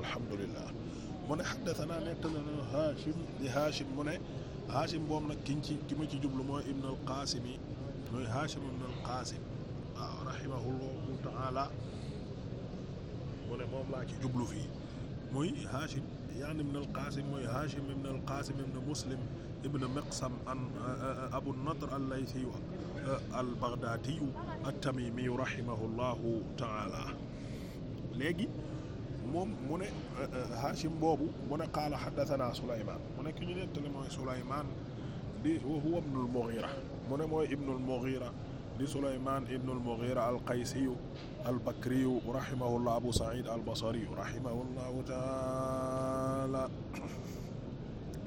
alhamdulilah mu ne xaddasanaa nettali na Hachim di Hachim mu ne Hachim boobu nag kiñ ci ki ma ci jublu mooy Ibn al-Qaasim yi mooy Hachim Ibn al-Qaasim waaw rahimahullahu taala mu ne moom laa ci jublu fii muy Hachim yaani Ibn al-Qaasim mooy Hachim Ibn al-Qaasim Ibn Muslim Ibn Miqsam an eh, Abu Nadr al-Laythi eh, al-Baghdaadi at-Tamimi rahimahullahu taala léegi. moom mu ne euh, euh, Hachim boobu mu ne qaala haddathana Souleymane mu ne ki ñu nettali mooy Souleymane di wa huwa ibnul Mughira mu ne mooy ibnul Mughira di Souleymane ibnul Mughira al-Qaysiyu al-Bakriyu rahimahullah Abu Sa'id al-Basriyu rahimahullahu ta'ala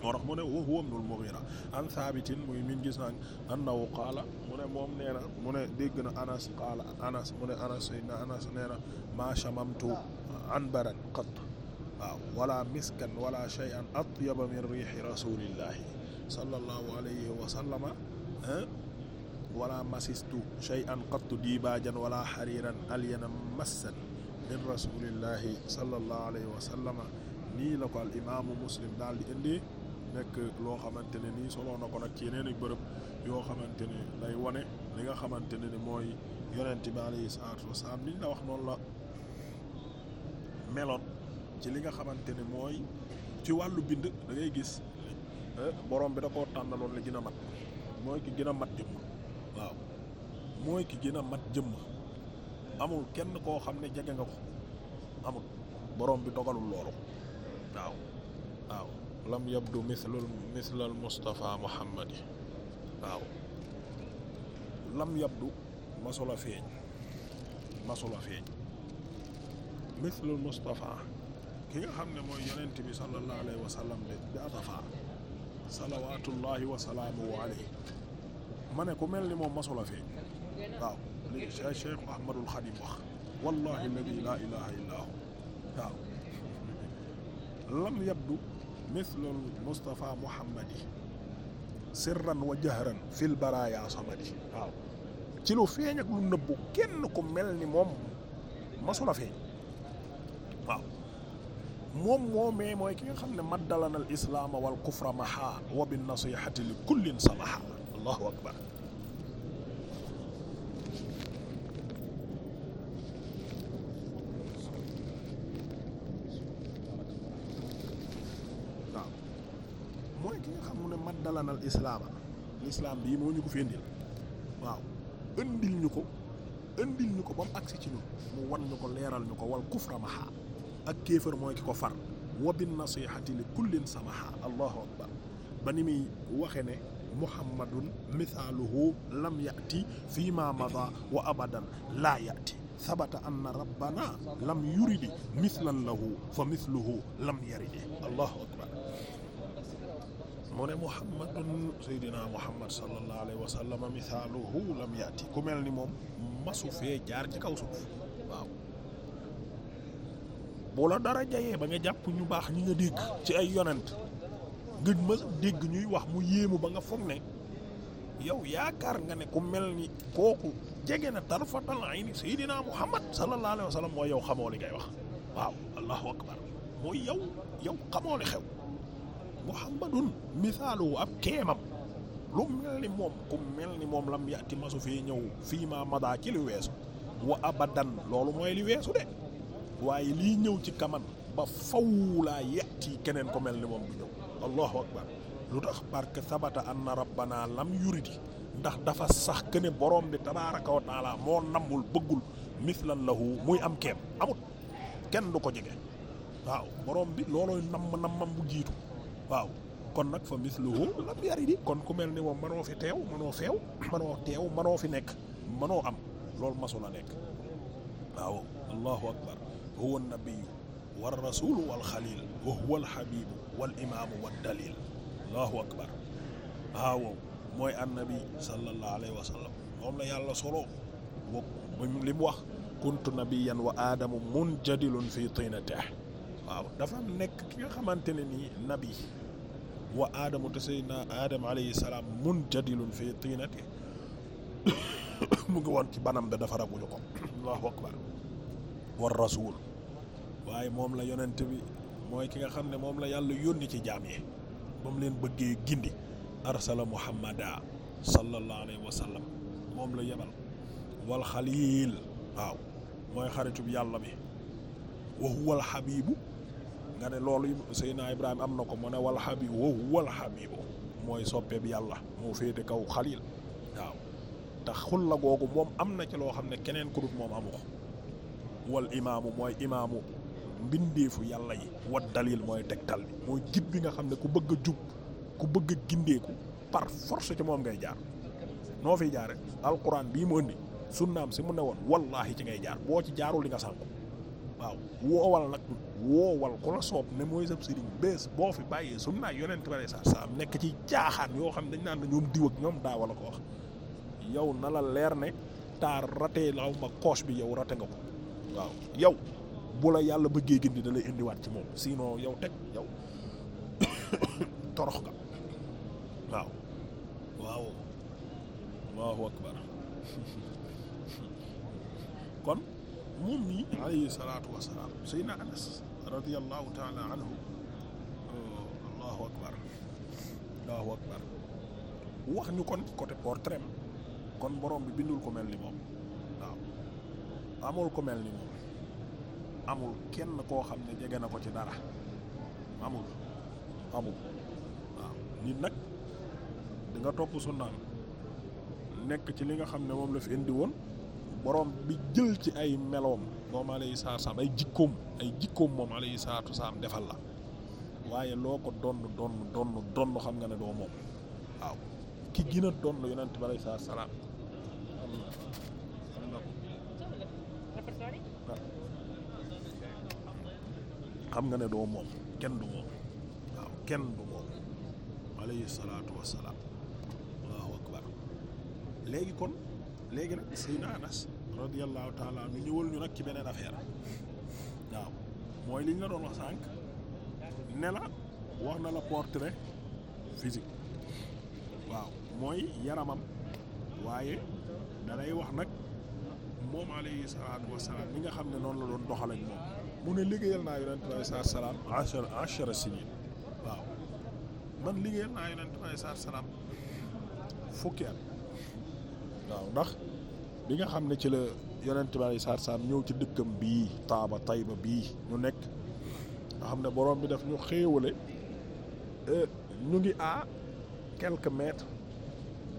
moo tax mu ne wa huwa ibnul Mughira an Saabitin muy min gis naa annahu qaala mu ne moom nee na mu ne dégg na Anas qaala Anas mu ne Anas na Anas nee na maa shamamtu anbaran qat waaw wala miskan wala shay'an atyaba min riihi rasuulillahi sallallahu alayhi wa sallama wala masistu shay'an qat dibaajan wala hariiran alyana massan min rasuulillahi sallallahu alayhi wa sallama nii la ko al imaamu Muslim daal di indi nekk loo xamante ne nii soloo na ko nag ci yeneen i bërëb yoo xamante ne day wane li nga xamante ne ni mooy yonent bi alayhi salaatu wasalaam liñ la wax noonu la meloon ci li nga xamante ne mooy ci wàllu bind dangay gis eh, borom bi da koo tànnaloon li gën a mat mooy ki gën a mat jëmm waaw mooy ki gën a mat jëmm amul kenn koo xam ne jege nga ko amul borom bi dogalul loolu waaw waaw lam yabdu mislul mislal Moustapha Muhammadi waaw lam yabdu masula feeñ masula feeñ mislul Moustapha ki nga xam ne mooy yonent bi sallallahu alayhi wa sallam ma ne ku mel ni moom masula feeñ waaw li Cheikh Ahmadul Xadim wax wallahi alladi laa ilaha illaa waaw lam yabdu mislul Moustapha Mouhamadi sirran wa jahran fil baraaya samadi waaw ci lu feeñ ak lu nëbbu kenn ku mel ni moom masula feeñ waaw moom moomee mooy ki nga xam ne maddalanal islaama wal kufra maha wa bin nasihati li kullin samaha allahu akbar ki nga xam mu ne mat dalanal islaama l'islam bii moo ñu ko fi indil waaw indil ñu ko indil ñu ko ba agsi ci ñu mu wan ñu ko leeral ñu ko wal kufra maha ak kéefër mooy ki ko far wa bin nasihati li kullin samaha allahu akbar ba ni muy waxe ne muhammadun mithaaluhu lam yati fii ma mada wa abadan laa yati sabata anna rabbana lam yuridi mithlan lahu fa mithluhu lam yaridi mu ne muhammadun seydina muhammad sallallahu alayhi wa sallam mithaaluhu lam yaati ku mel ni moom masu fee jaar ci kaw suuf waaw bu dara jayee ba nga jàpp ñu baax ñi nga dégg ci ay yonent ngir ma dégg ñuy wax mu yéemu ba nga foog ne yow yaakaar nga ne ku mel ni kooku jege na tarfatal ayni seydina muhammad sallallahu alayhi wa sallam mooy yow xamoo li ngay wax waaw allahu akbar mooy yow yow xamoo li xew muhammadun misaalu ab keemam lu mel ni moom ku mel ni moom lam yàtti masu fi ñëw fii ma madaa ci li weesu wa abadan loolu mooy li weesu de waaye lii ñëw ci kaman ba faw laa yàtti keneen ko mel ni moom du ñëw allahu akbar lu tax barke sabata anna rabbana lam yuridi ndax dafa sax këne borom bi tabaaraka wa taala moo nammul bëggul mislan lahu muy am kenn amut kenn du ko jege waaw borom bi loolooy namm nammam bu jiitu waaw kon nag fa misluhu lam yaridi kon ku mel ni moom mënoo fi teew mënoo feew mënoo teew manoo fi nekk mënoo am loolu masula nekk waaw allahu akbar huwa nabiyu wal rasulu wal xalil wa huwa al xabibu wal allahu akbar waaw mooy annabi sallallahu la yàlla solo wa li mu wax kuntu nabiyan wa aadamu munjadilun fi tinatihi waaw dafa nekk ki nga xamante ne nii nabi waa aadamu te sayyidina aadam alayhi salaam munjadilun fi tiinati mu ngi woon ci banam da dafa rabuñu ko allahu akbar war rasul waaye moom la yonent bi mooy ki nga xam ne moom la yàlla yónni ci jaam yi ba mu leen bëggee gindi arsala muhammada sallallahu alayhi wa sallam moom la yebal wal xaliil waaw mooy xaritu bi yàlla bi wa huwa al nga ne loolu Seydina Ibrahima am na ko mu ne wal habibu wal habibu mooy soppeeb yàlla moo féete kaw xalil waaw xul xulla googu moom am na ci loo xam ne keneen ku moom amu ko wal imaamu mooy imaamu mbindeefu yàlla yi wat dalil mooy tegtal bi mooy jib bi nga xam ne ku bëgg a jub ku bëgg a gindeeku par force ci moom ngay jaar noo fiy jaare alquran bii mu indi sunnaam si mu ne woon wallaahi ci ngay jaar boo ci jaarul li nga sànku waaw woowal nag woowal ku la soob ne mooy sab sëriñ bés boo fi bàyyee sunu naa yonent bare sa saam nekk ci jaaxaan yoo xam ne dañ naan la ñoom diw ak ñoom daawa la ko wax yow na la leer ne taar raté law ma coche bi yow rate nga ko waaw yow bu la yàlla bëggee gindi da indiwaat ci moom sino yow teg yow torox nga waaw waaw allahu akbar moom mii alayhi salaatu wasalaam Seydina Anas anhu allahu akbar allahu wax ñu kon côté portrait kon borom bi bindul ko mel ni moom waaw amul ko mel ni moom amul kenn koo xam ne jege na ko ci dara amul amul waaw nit nag di nga topp sunnaam nekk ci li nga xam ne moom la fi indi woon boroom bi jël ci ay meloom moom alayhi salaatu salaam ay jikkoom ay jikkoom moom alayhi salaatu salaam defal la waaye loo ko donn donn donn donn xam nga ne doo moom waaw ki gën a donn yonent bi alayhi salaatu xam nga ne doo moom kenn du moom waaw kenn du moom alayhi salaatu wassalaam allahu akbar léegi kon léegi nag Seydina Anas radiyallahu taala ñu ñëwal ñu nag ci beneen affaire waaw mooy li la doon wax sànq ne la wax na la portrait physique waaw mooy yaramam waaye danay wax nag moom alayhi salaatu wasalaam li xam ne noonu la doon doxal ak moom mu ne liggéeyal naa yonent bi alayhi salaatu salaam ashara man liggéeyal naa yonent bi alayhi salaatu salaam fukki waaw ndax bi nga xam ne ci la yonent bi saa saam ñëw ci dëkkam bii taaba tayba bii ñu nekk nga xam ne borom bi daf ñu xéewale e, ñu ngi à quelques mètres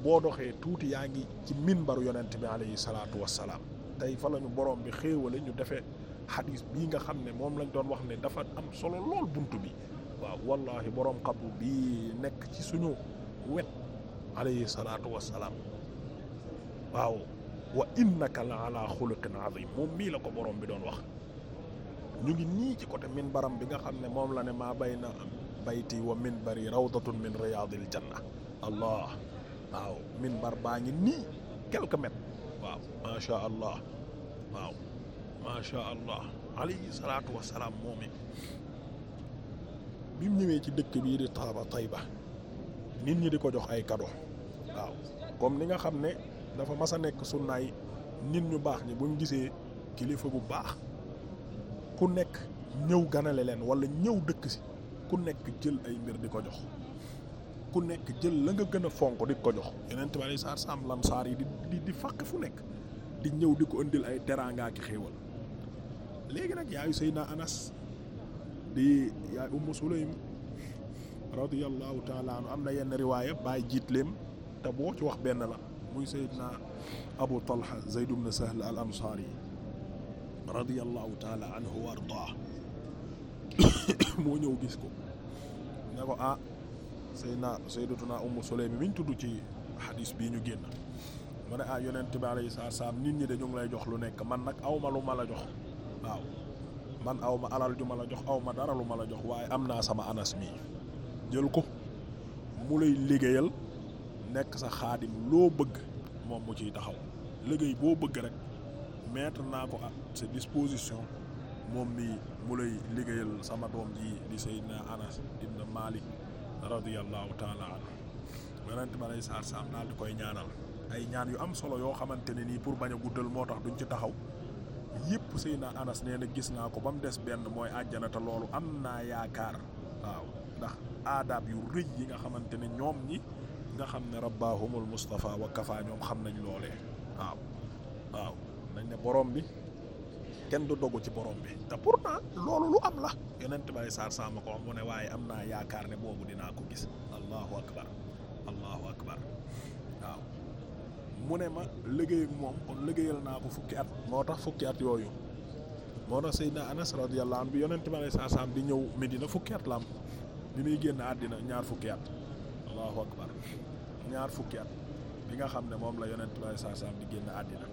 boo doxee tuuti yaa ngi ci minbaru yonent bi alayhi salaatu wassalaam tay fa la ñu borom bi xéewale ñu defe xadiis bii nga xam ne moom lañ doon wax ne dafa am solo lool bunt bi waaw wallahi borom xabru bii nekk ci suñu wet alayhi salaatu wassalaam waaw wa innaka la ala xuluqin moom mii la ko borom bi doon wax ñu ngi nii ci côté min baram bi nga xam ne moom la ne maa bay na bayti wa min bari rawdatun min riyadil janna allah waaw min bar baa ngi nii quelques mètres waaw macha allah waaw macha allah alayhi salaatu wasalaam moom it bi mu ñëwee ci dëkk bii di Taaba Tayba nit ñi di ko jox ay kado waaw comme ni nga xam ne dafa mas a nekk sunnaay nit ñu baax ñi ñu gisee kilifa bu baax ku nekk ñëw ganale leen wala ñëw dëkk si ku nekk jël ay mbir di ko jox ku nekk jël la nga gën a fonk di ko jox yeneen tubaab yi saar saam lamsaar yi di di di fu nekk di ñëw di ko indil ay teraanga ki xéewal léegi nag yaayu seynaa Anas di yaay Ummu Sulaym radiyallahu taala anu am na yenn riwaaya bàyyi jiitleem te boo ci wax benn la muy Seydina Abu Talha Zayd ibn Sahl al Ansari radiyallahu taala anhu wa ardaa moo ñëw gis ko ne ko ah Seydina Sayyidatuna Umm Sulaym mi ñu tudd ci xadiis bii ñu génn mu ne ah yonent bi alayhi salaatu nit ñi dañu ngi lay jox lu nekk man nag awma lu ma la jox waaw man awma alal ju ma la jox awma dara lu ma la jox waaye am naa sama anas mi jël ko mu lay liggéeyal nekk sa xaadim loo bëgg moom mu ciy taxaw liggéey boo bëgg rek mettre naa ko à sa disposition moom mi mu lay liggéeyal sama doom ji di Seydina Anas ibn Malik radiyallahu taala anhu yonent ma lay saar saam daal di koy ñaanal ay ñaan yu am solo yoo xamante ne nii pour bañ a guddal moo tax duñ ci taxaw yëpp Seydina Anas nee na gis naa ko ba mu des benn mooy àjjana te loolu am naa yaakaar waaw ndax aadaab yu rëy yi nga xamante ne ñoom ñi nga xam ne rabbaahumul Mustafa wa kafa ñoom xam nañ loolee waaw waaw nañ ne boroom bi kenn du dogu ci borom bi te pourtant loolu lu am la yonent bay saar sama ko mu ne waaye am naa yaakaar ne boobu dinaa ko gis allahu akbar ne ma liggéey ak moom kon liggéeyal naa ko fukki at moo tax fukki at yooyu moo tax Seydina Anas radiyallahu anhu bi yonent bay saar sam di ñëw Medina fukki at la am bi muy génn àddina ñaar fukki at allahu akbar ñaar fukki at bi nga xam ne moom la yonent bi saa saam di génn àddina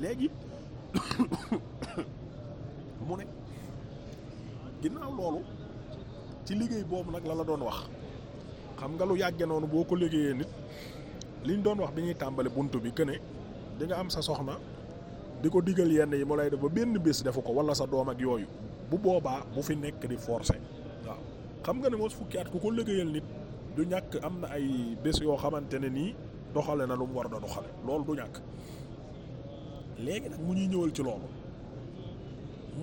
léegi mu ne ginnaaw loolu ci liggéey boobu nag la la doon wax xam nga lu yàgge noonu boo ko liggéeyee nit liñ doon wax bi ñuy tàmbali bunt bi que ne di nga am sa soxna di ko digal yenn yi mu lay def ba benn bés defu ko wala sa doom ak yooyu bu boobaa bu fi nekk di forcer waaw xam nga ne mos fukki at ku ko liggéeyal nit. du ñàkk am na ay bés yoo xamante ne nii doxale na lu mu war a doxale loolu du ñàkk léegi nag mu ñuy ñëwal ci loolu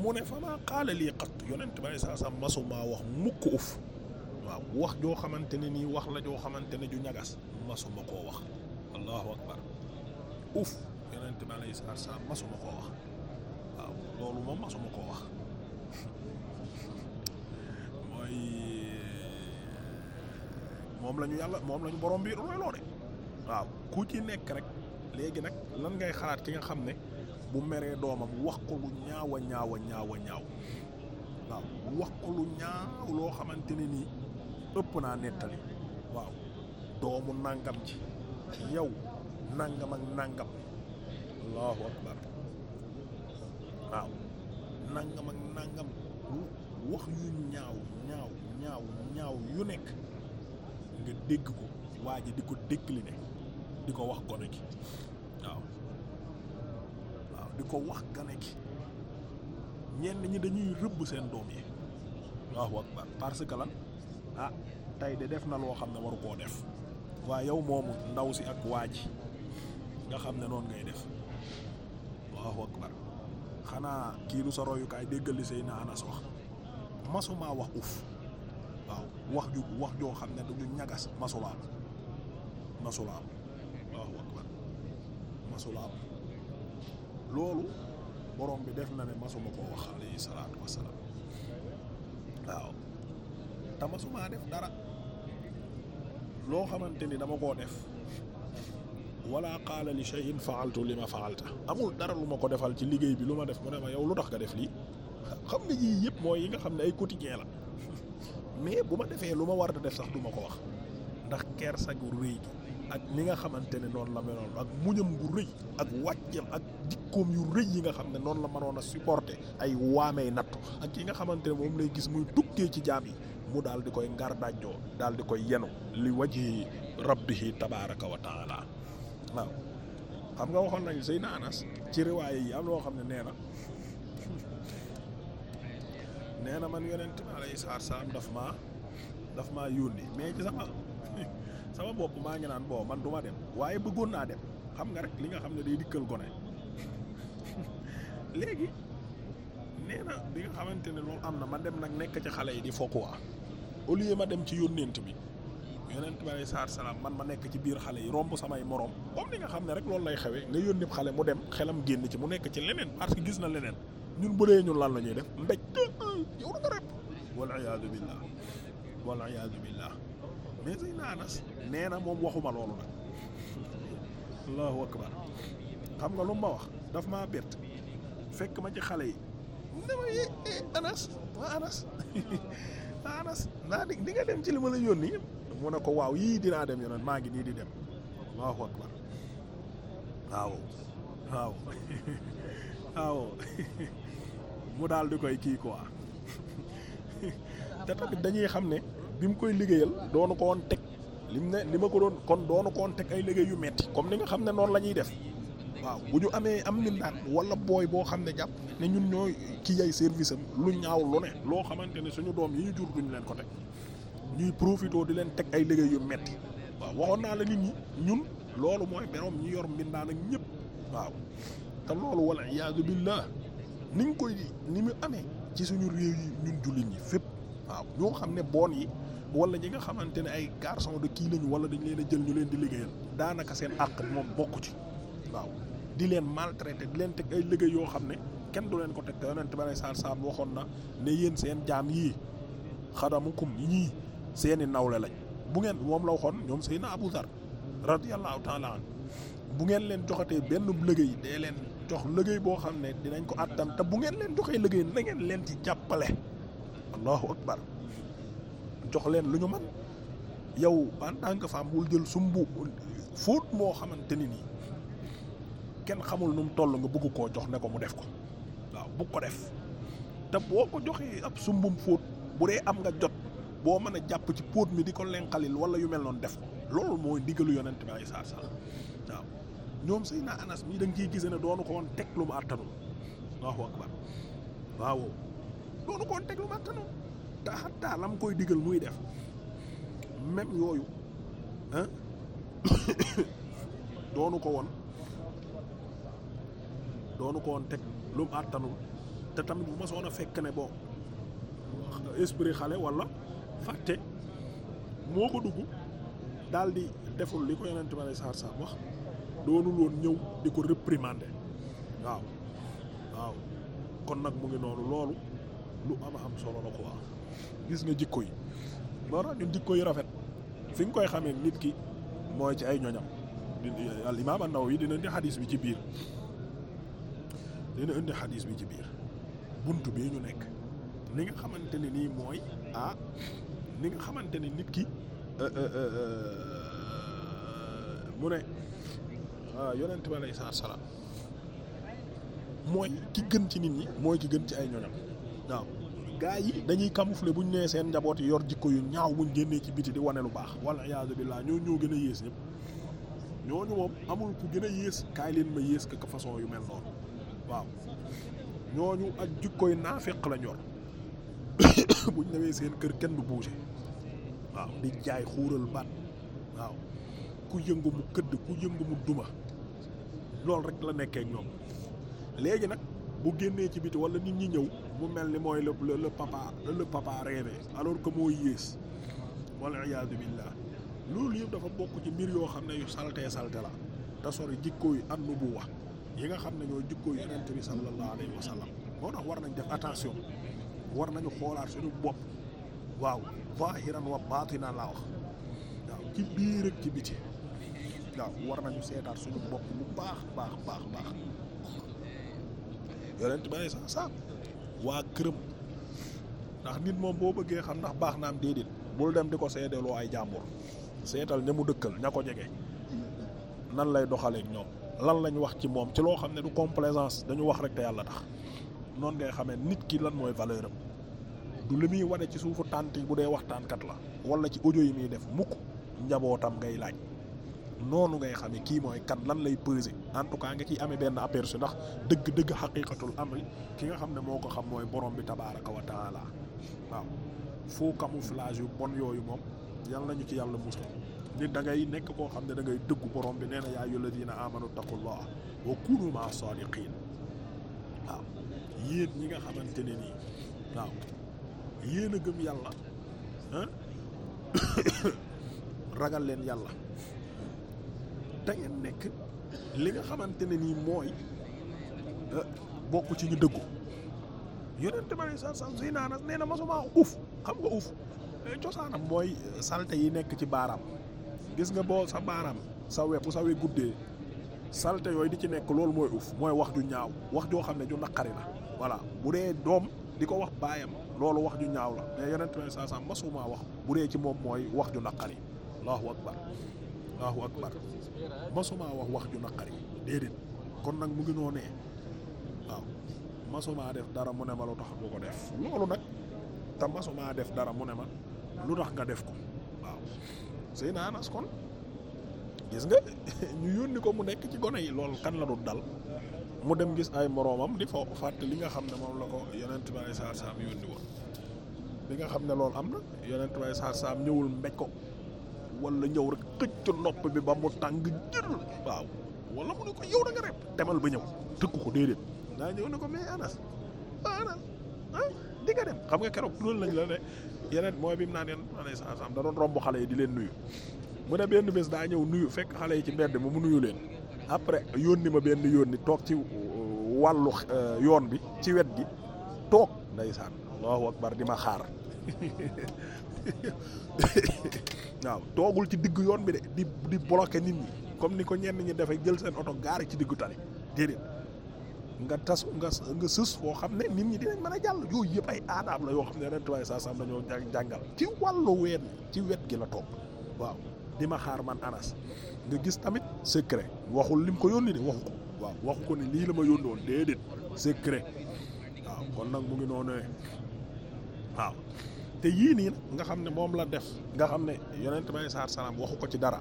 mu ne fa maa xaale lii xat yonent ba saa saa wax mukk uf wax joo xamante ne nii wax la joo xamante ne ju ñagas masuma koo wax allahu akbar uf yonent ba saa saa masuma koo wax waaw loolu moom masuma koo wax mooy moom la ñu yàlla moom la ñu borom biir royloo de waaw ku ci nekk rek léegi nag lan ngay xalaat ki nga xam ne bu meree doomam wax ko lu ñaaw a ñaaw a ñaaw a ñaaw waaw wax ko lu ñaaw loo xamante ne nii ëpp naa nettali waaw doomu nàngam ci yow nàngam ak nàngam allahu akbar waaw nàngam ak nàngam wax yu ñaaw ñaaw ñaaw ñaaw yu nekk nga dégg ko waa ji di ko décliné di ko wax gone gi waaw waaw di ko wax gone gi ñenn ñi dañuy rëbb seen doom yi waaw akbar parce que lan a ah, tey de def na loo xam ne waru koo def waaye yow moomu ndaw si ak waa ji nga xam ne noonu ngay def waaw akbar xanaa kii du sa royukaay déggal li Seyna Anas wax masumaa wax uf wax ju wax joo xam ne duñu ñagas masulaam masulaam waaw akbar masulaam loolu borom bi def na ne masuma ko wax alayhi salaatu wassalaam waaw te masumaa def dara loo xamante ni dama koo def wala qaala li shay'in fa'altu li ma fa'alta amul dara lu ma ko defal ci liggéey bi lu ma def mu ne ma yow lu tax nga def lii xam nga yii yëpp mooy yi nga xam ne ay quotidien la mais bu ma defee lu ma war a def sax du ma ko wax ndax kersa gu rëy gi ak ni nga xamante ne noonu la meloon ak muñam gu rëy ak wàcceem ak jikkoom yu rëy yi nga xam ne noonu la mënoon a supporter ay waamey nattu ak yi nga xamante ne moom lay gis muy tukkee ci jaam yi mu daal di koy ngar dàjjoo daal di koy yenu li waji rabbihi tabaraka wa taala waaw xam nga waxoon nañu Seydina Anas ci riwaay yi am loo xam ne nee na nee na man yonent bi alayhi salaatu salaam daf ma daf maa yónni mais ci sama sama bopp maa ngi naan boo man duma dem waaye bëggoon naa dem xam nga rek li nga xam ne day dikkal gone léegi nee na bi nga xamante ne loolu am na ma dem nag nekk ci xale yi di fokkuwaa waa lieu ma dem ci yónnent bi yonent bi alayhi salaatu salaam man ma nekk ci biir xale yi romb samay morom comme li nga xam ne rek loolu lay xewee nga yónni xale mu dem xelam génn ci mu nekk ci leneen parce que gis na leneen ñun bu dee ñun lan la ñuy def yow da nga rëbb waliyaadu na anas nee na moom waxuma loolu nag allahu akbar xam nga lu ma wax dafa ma bett fekk ma ci xale yi dama eh, eh, nga dem ci li ma la yónni mu ne ko waaw yii dinaa dem yonen maa ngi nii di dem allahu akbar waaw waaw waaw mu daal di koy kii quoi te tamit dañuy xam ne bi mu koy liggéeyal doonu ko woon teg lim ne li ma ko doon kon doonu ko woon teg ay liggéey yu metti comme ni nga xam ne noonu la ñuy def waaw bu ñu amee am ni walla booy boo xam ne jàpp ne ñun ñoo kii ay service am lu ñaaw lu ne loo xamante ne suñu doom yi ñu jur duñu leen ko teg ñuy profitoo di leen teg ay liggéey yu metti waaw waxoon naa la nit ñi ñun loolu mooy beroom ñi yor mbindaan ak ñëpp waaw te loolu wala iyaadu billah ni nga koy ni amee ci suñu réew yi ñun jullit ñi fépp waaw ñoo xam ne boon yi wala ñi nga xamante ne ay garçon de kii lañu wala dañ leen a jël ñu leen di liggéeyal daanaka seen àq moom bokk ci waaw di leen maltraité di leen teg ay liggéey yoo xam ne kenn du leen ko teg te yonent ba ne saal saal waxoon na ne yéen seen jaam yii xadamukum ñii seeni nawle lañ bu ngeen moom la waxoon ñoom Seydina Abu Dhar radiyallahu taala an bu ngeen leen joxatee benn liggéey de leen jox liggéey boo xam ne dinañ ko àttan te bu ngeen leen joxee liggéey na ngeen leen ci jàppale allahu akbar jox leen lu ñu man yow en tant que femme bul jël sumbu fóot moo xamante ni nii kenn xamul nu mu toll nga bëgg koo jox ne ko mu def ko waaw bu ko def te boo ko joxee ab sumbum fóot bu dee am nga jot boo mën a jàpp ci póot mi di ko lenqalil wala yu mel noonu def ko loolu mooy ndigalu yonent bi ay saa ñoom Seydina Anas mii da ciy gise ne doonu ko woon teg lu mu àttanul Allahu waaw doonu ko woon lam koy digal muy def même yooyu ah doonu ko woon doonu ko woon teg lu mu àttanul te tamit bu ma soon fekk ne boo esprit xale wala fàtte moo ko dugg dal di deful li ko yonent bi sallallahu alayhi wax doonul woon ñëw di ko réprimander waaw waaw kon nag mu ngi noonu loolu lu am am solo la quoi gis nga jikko yi moo tax ñun jikko yi rafet fi nga koy xamee nit ki mooy ci ay ñoñam al imaam an-Nawawi dina indi xadis bi ci biir dina indi bi ci biir bunt bi ñu nekk li nga xamante ne nii mooy ah li xamante ne nit ki euh, euh, euh, mu ne waaw euh, yonent bi alayhi salaam mooy ki gën ci nit ñi mooy ki gën ci ay ñoñam waaw gaa yi dañuy kamufule bu ñu nee seen njaboot yi yor jikko yu ñaaw bu ñu génnee ci biti di wane lu baax wala iyaazu billaah ñoo ñoo gën a yées ñëpp ñooñu moom gën a yées kaay leen yées ka façon yu mel noonu waaw ñooñu ak jikkoy naafeq la ñor buñ newee seen kër kenn du bouger waaw di jaay xuural baat waaw ku yëngu mu këdd ku yëngu duma loolu rek la nekkee ñoom léegi nag bu génnee ci biti wala nit ñi ñëw mu mel ni mooy le le papa le papa rêvé alors que moo yées wala iyaadu billah loolu yëpp dafa bokk ci mbir yoo xam ne yu saltee salte la te sori jikko yi an nubuwa yi nga xam ne ñoo jikko yu yonent bi sallallahu alayhi wa moo tax war nañ def attention war nañu xoolaat suñu bopp waaw zahiran wa baatinan laa wax waaw ci biir ak ci biti là war nañu seetaat suñu bopp bu baax baax baax baax yonent ba sa sa waa këram ndax nit moom boo bëggee xam ndax baax naam déedéet bul dem di ko seedeloo ay jàmbur seetal ne mu dëkkal ña ko jege nan lay doxaleek ñoom lan lañu wax ci moom ci loo xam ne du complaisance dañu wax rek te yàlla tax noonu ngay xame nit ki lan mooy valeur am du li muy wane ci suufu tànt yi bu dee waxtaankat la wala ci audio yi muy def mukk njabootam ngay laaj noonu ngay xamee kii mooy kan lan lay peser en tout cas nga ciy ame benn aperçu ndax dëgg-dëgg xaqiqatul amal ki nga xam ne moo ko xam mooy borom bi tabaaraka wa taala waaw faux camouflage yu bon yooyu moom yal nañu ci yàlla musal nit da ngay nekk koo xam ne da ngay dëggu borom bi nee na yaa ayyuhal ladiina aamanu taqullah wa kunu ma'a saadiqiin waaw yéen ñi nga xamante ne nii waaw yéen a gëm yàlla ragal leen yàlla. te ngeen nekk li nga xamante ne nii mooy euh, bokk ci ñu dëggu yonent bi alayhi salaatu salaam suy naanas nee na masumaa uuf xam nga uuf eh, cosaanam mooy euh, salte yi nekk ci baaraam gis nga boo sa baaraam sa bu sawee guddee salte yooyu di ci nekk loolu mooy uf mooy wax ju ñaaw wax joo xam ne ju naqari la voilà bu dee doom di ko wax baayam loolu wax ju ñaaw la mais yonent bi alayhi salaatu salaam masumaa wax bu dee ci moom mooy wax ju naqari allahu akbar waaw akbar masuma wax wax ju naqari déedéet kon nag mu ngi noo nee waaw masuma def dara mu ne ma lu tax bu ko def loolu nag te masuma def dara mu ne ma lu tax nga def ko waaw sëy na anas kon gis nga ñu yónni ko mu nekk ci gone yi loolu kan la du dal mu dem gis ay moroomam di foo fàtt li nga xam ne moom la ko yonent bi sallallahu alayhi yónni woon li nga xam ne loolu am na yonent bi sallallahu alayhi ñëwul mbéj ko wala ñëw rek xëcc nopp bi ba mu tàng jël waaw wala mu ne ko yow da nga demal ba ñëw tëkku ko déedéet daa ñëw ne ko mais Anas Anas ah dem xam nga keroog loolu lañ la ne yeneen mooy bi mu naan yéen alayhi salaam romb xale yi di leen nuyu mu ne benn bés daa ñëw nuyu fekk xale yi ci mbedd mi mu nuyu leen après yónni ma benn yónni toog ci uh, wàllu uh, yoon bi ci wet gi toog ndeysaan allahu akbar di ma xaar waaw toogul ci diggu yoon bi de di di bloquer nit ñi comme ni ko ñenn ñi dafay jël seen oto gaari ci diggu tali déedéet nga tas nga nga sës foo xam ne nit ñi dinañ mën a jàll yooyu yëpp ay aadaab la yoo xam ne ren tubaab saa sam dañoo jàngal ci wàllu ween ci wet gi la toog waaw di ma xaar man anas nga gis tamit secret waxul lim ko yónni de waxu ko waaw waxu ko ne lii la ma yóndoon déedéet secret waaw kon nag mu ngi noonu waaw. te yii nii nag nga xam ne moom la def nga xam ne yonent bi saa salaam waxu ko ci dara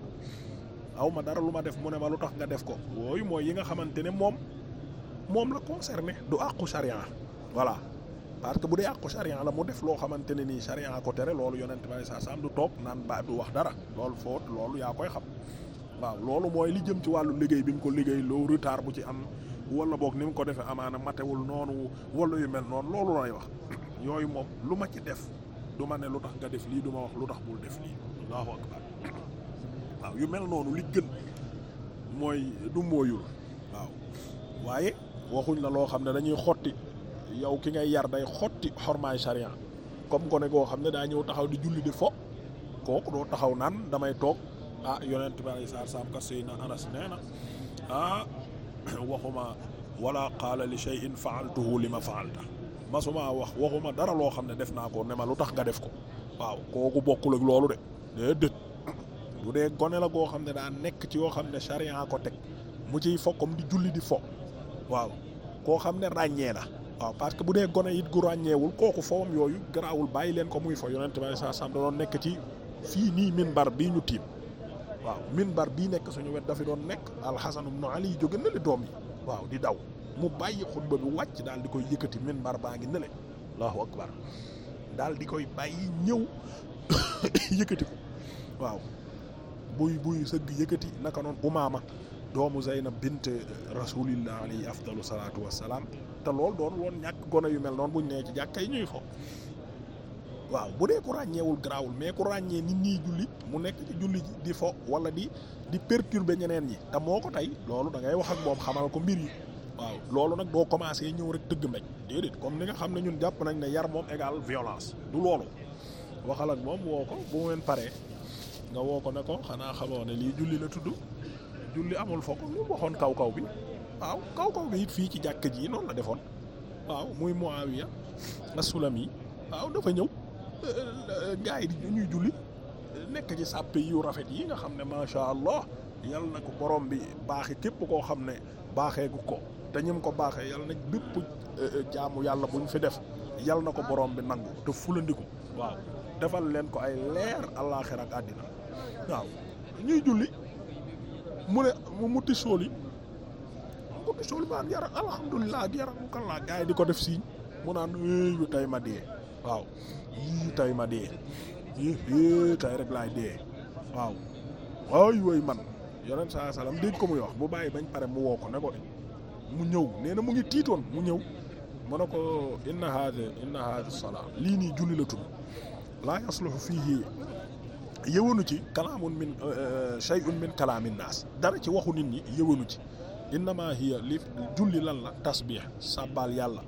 aw ma dara lu ma def mu ne ma lu tax nga def ko yooyu mooy yi nga xamante ne moom moom la concerné du àqu charia parce que bu dee àqu charia la mu def loo xamante ne nii charia ko tere loolu yonent bi saa salaam du toog naan ba wax dara loolu foot loolu yaa koy xam waaw loolu mooy li jëm ci wàllu liggéey bi mu ko liggéey loo retard bu ci am wala boog ni mu ko defee amaana matewul noonu wala yu mel noonu loolu lay wax yooyu moom lu ma ci def. du ma ne lu tax nga def lii du ma wax lu tax bul def lii allahu waaw yu mel noonu li gën mooy du mooyul waaw waaye waxuñ la loo xam ne dañuy xotti yow ki ngay yar day xotti xormaay sharia comme gone goo xam ne daa ñëw taxaw di julli di fo kooku doo taxaw naan damay toog ah yonent bi alei saatu salaam kat Anas nee na ah waxuma wala qaala li shay'in fa'altuhu lima fa'alta masuma wax waxuma dara loo xam ne def naa ko ne ma lu tax nga def ko waaw kooku bokkul ak loolu de déedéet bu dee gone la goo xam ne daa nekk ci yoo xam ne charia ko teg mu ciy fo comme di julli di fo waaw koo xam ne ràññee na waaw parce que bu dee gone it gu ràññeewul kooku fowam yooyu garaawul bàyyi leen ko muy fo yonent bi saa sam da doon nekk ci fii nii minbar bii ñu tiim waaw min bar bii nekk suñu wet dafa doon nekk alxasan ibnu ali jóge na li doom yi waaw di daw mu bàyyi xutba bi wàcc daal di koy min minbar baa ngi nele allahu akbar daal di koy bàyyi ñëw yëkkati ko waaw buy buy sëgg yëkkati naka noon noonu umaama doomu Zeynab bint rasulillah alayhi afdalu salaatu wassalaam te loolu doon woon ñàkk gone yu mel noon buñ nee ci jàkka yi ñuy fo waaw bu dee ku ràññeewul garaawul mais ku ràññee nit ñi julli mu nekk ci julli di fo wala di di perturber ñeneen yi te moo ko tey loolu dangay wax ak moom xamal ko mbir yi waaw loolu nag doo commencé ñëw rek tëgg mej déedéet comme ni nga xam ne ñun jàpp nañ ne yar moom égal violence du loolu waxal ak moom woo ko bu ngeen paree nga woo ko ne ko xanaa xamoo ne lii julli la tudd julli amul fokk ñu waxoon kawkaw bi waaw kaw bi it fii ci jàkk ji noonu la defoon waaw muy Muawiya as-Sulami waaw dafa ñëw euh, euh, gaa yi ñuy julli nekk ci sàppe yu rafet yi nga xam ne masha Allah yal na ko borom bi baaxi képp koo xam ne baaxeegu ko te ñim ko baaxee yàlla na bépp eh, eh, jaamu yàlla buñ fi def yàlla na ko borom bi nangu te fulandiku waaw defal leen ko ay leer àllaaxira ak àddina waaw ñuy julli mu ne mu mutti sool yi mutti sool ba ak yaram alhamdulilah ak yaram kallaa gars yi di ko def siiñ mu naan yu tey ma dee waaw yii tey ma dee yii tey rek waaw waay waay man yonent saa salaam dégg ko muy wax bu bàyyi bañ pare mu woo ko ne ko mu ñëw nee na mu ngi tiitoon mu ñëw mu ne ko inna haada inna haada salaa lii nii julli la tudd laa yasluhu fiihi yëwanu ci kalaamun min eh, shay'un min kalaamin naas dara ci waxu nit ñi yëwanu ci innama hiya li julli lan la tasbiix sàbbaal yàlla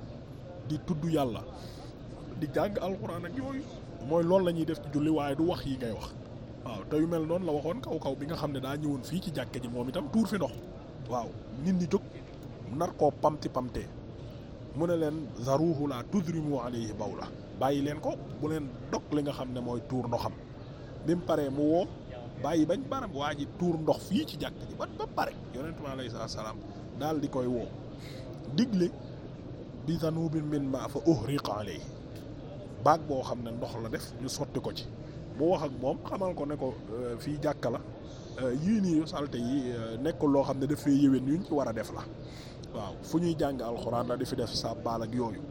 di tudd yàlla di jàng alxuraan ak yooyu mooy loolu la ñuy def ci julli waaye du wax yi ngay wax waaw te yu mel noonu la waxoon kaw kaw bi nga xam ne daa ñëwoon fii ci jàkke ji moom itam tuur fi ndox waaw nit nar koo pamti pamtee mu ne leen zaruhu la tudrimu alayhi la bàyyi leen ko bu leen dog li nga xam ne mooy tuur ndoxam bi mu paree mu woo bàyyi bañ baram waa ji tuur ndox fii ci jàkk ji ba ba pare yonent bi salaam daal di koy woo digle bi zanubin min ma fa uhriqa alayhi baag boo xam ne ndox la def ñu sotti ko ci mu wax ak moom xamal ko ne ko euh, fii jàkka la euh, yii nii yu salte yi euh, nekkul loo xam ne dafay yéwén yuñ ci war a def la waaw fu ñuy jàng alxuraan la di fi def sa baal ak yooyu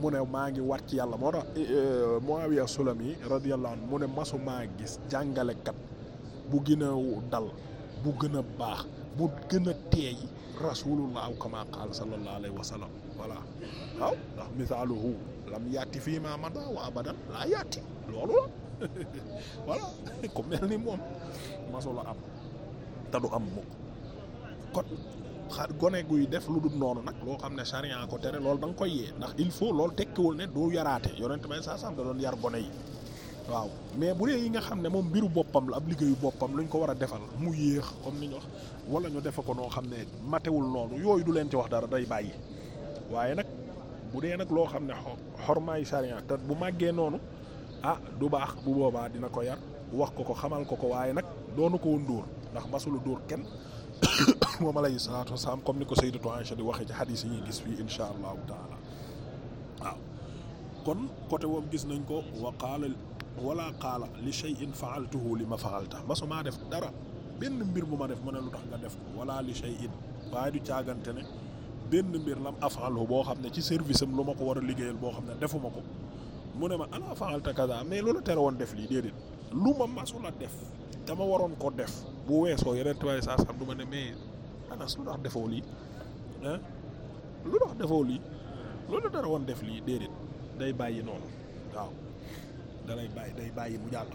mu ne maa ngi war ci yàlla moo tax eh, eh, Muawiya Sulami radiyallahu anhu mu ne masumaa gis jàngalekat bu gën a dal bu gën a baax bu gën a teey rasulullah aw kama qaal sallallahu alayhi waaw ndax misaaluhu lam yaati fii ma mada wa abadan laa yaati loolu la voilà ku mel ni moom masula am te du am mukk kon xar gone guy def lu dul noonu nag loo xam ne charia ko tere loolu da nga koy yee ndax il faut loolu tekkiwul ne doo yaraate yonent may saa sam da doon yar gone waaw mais bu dee yi nga xam ne moom mbiru boppam la ab liggéeyu boppam luñ ko war a defal mu yéex comme ni ñu wax wala ñu defe ko noo xam ne matewul noonu yooyu du leen ci wax dara day bàyyi waaye nag bu dee nag loo xam ne xormaay charia te bu màggee noonu ah du baax bu boobaa dina ko yar wax ko ko xamal ko ko waaye nag doonu ko woon dóor ndax masula dóor kenn moom alayhi salaatu wasalaam comme ni ko Sayyidatu Aïcha di waxee ci xadiis yi ñuy gis fii insha allahu taala waaw kon côté woom gis nañ ko wa qaala wala qaala li shay'in fa'altuhu li ma fa'alta masumaa def dara benn mbir bu ma def mu ne lu tax nga def ko wala li in waaye du caagante ne benn mbir lam af'alu boo xam ne ci service am lu ma ko war a liggéeyal boo xam ne defuma ko mu ne ma ana fa'alta kaza mais loolu tere woon def lii déedéet lu ma dama waroon ko def bu weesoo yeneen tubaab saa sax du ma ne mais Anas lu tax defoo lii lu tax defoo lii loolu dara woon def lii déedéet day bàyyi noonu waaw da bàyyi day bàyyi mu jàll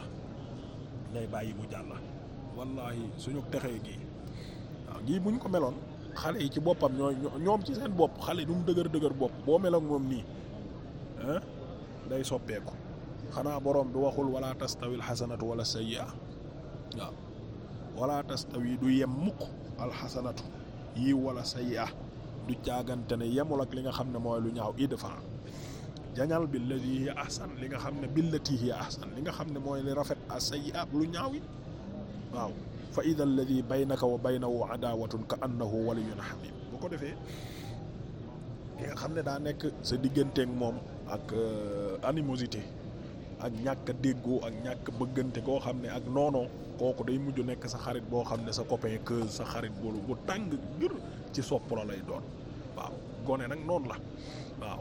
day bàyyi mu jàll wallaahi suñu texee gii waaw gii buñ ko meloon xale yi ci boppam ñooy ñoom ci seen bopp xale yi du mu dëgër dëgër bopp boo mel ak moom nii day soppeeku xanaa borom du waxul walaa tastawil xasanatu wala sayyi'a waaw wala tastawi du yem mukk alxasanatu yi wala sayyi'a du caagante ne yemul ak li nga xam ne mooy lu ñaaw idfa jañal billati hiya ahsan li nga xam ne billati hiya ahsan li nga xam ne mooy li rafet a sayyi'a lu ñaaw waaw fa ida alladi baynaka wa baynahu adawatun ka annahu waliyyun hamim boo ko defee li nga xam ne daa nekk sa digganteeg moom ak euh, animosité ak ñàkk a déggoo ak ñàkk bëggante koo xam ne ak noonoo kooku day mujj nekk sa xarit boo xam ne sa copain que sa xarit boolu bu tàng jur ci sopp la lay doon waaw gone nag noon la waaw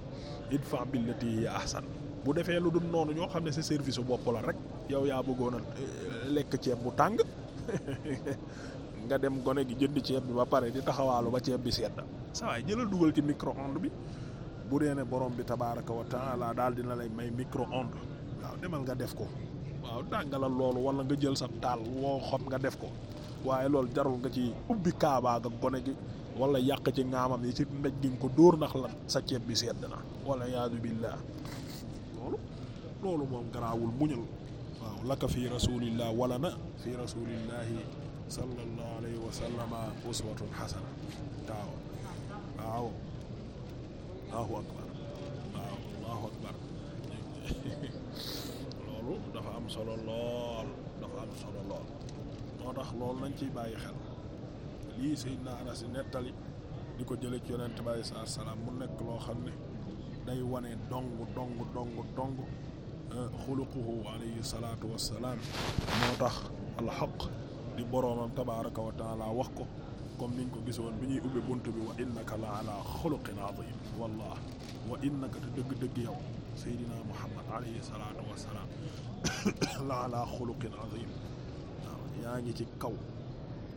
it idfa billati hiya ahsan bu defee lu dul noonu ñoo xam ne sa service bopp la rek yow yaa bëggoon eh, lekk ceeb bu tàng nga dem gone gi jënd ceeb bi ba pare di taxawaalu ba ceeb bi sedd saa waay jëlal dugal ci micro-ondes bi bu dee ne borom bi tabaaraka wa taala daal dina lay may micro waaw demal nga def ko waaw tàngalal loolu wala nga jël sa taal woo xob nga def ko waaye loolu jarul nga ci ubbi kaabaa nga gone gi wala yàq ci ngaamam yi ci mbéj gi nga ko dóor ndax la sa ceeb bi sedd na wala yaadu billah loolu loolu moom garaawul muñal waaw laka fi rasulillah wala na fi rasulillahi sallallahu alayhi wa sallama uswatun allahu akbar waaw allahu akbar am solo lool dafa am solo lool moo tax loolu nañ ciy bàyyi xel lii Seydina Anas si nettali di ko jële ci yonent bi alei salaatu salaam mu nekk loo xam ne day wane dong dong dong dong euh, xuluquhu alayhi salaatu wassalaam moo tax alxaq di boroomam tabaraka wa taala wax ko comme niñ ko gisoon bi ñuy ubbi bunt bi wa innaka la ala xuluqin azim wallah wa innaka te dëgg-dëgg yow Seydina Muhammad alayhi salaatu wa salaam la ala xuluqin azim waaw yaa ngi ci kaw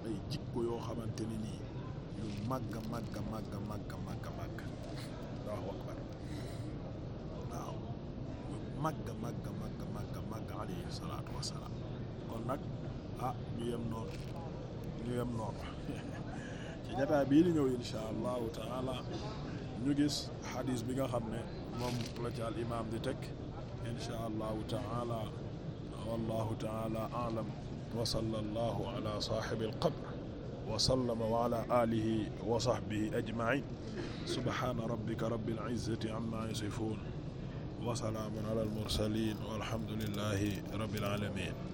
ay jikko yoo xamante ne nii yu màgg màgg màgg màgg màgg màgg Allahu salaatu wa salaam kon nag ah ñu yem noonu ñu yem noonu ci jotaay bii di ñëw insha allahu taala ñu gis xadiis bi nga xam ne moom la ci al imaam di teg insha allahu taala wallahu taala alam wa sallallahu ala sahibi alqabr wa sallama wa ala alihi wa sahbihi ajmain subhana rabbika rabbil izzati amma yasifun wa salaamun ala almursalin walhamdulillahi rabbil alamin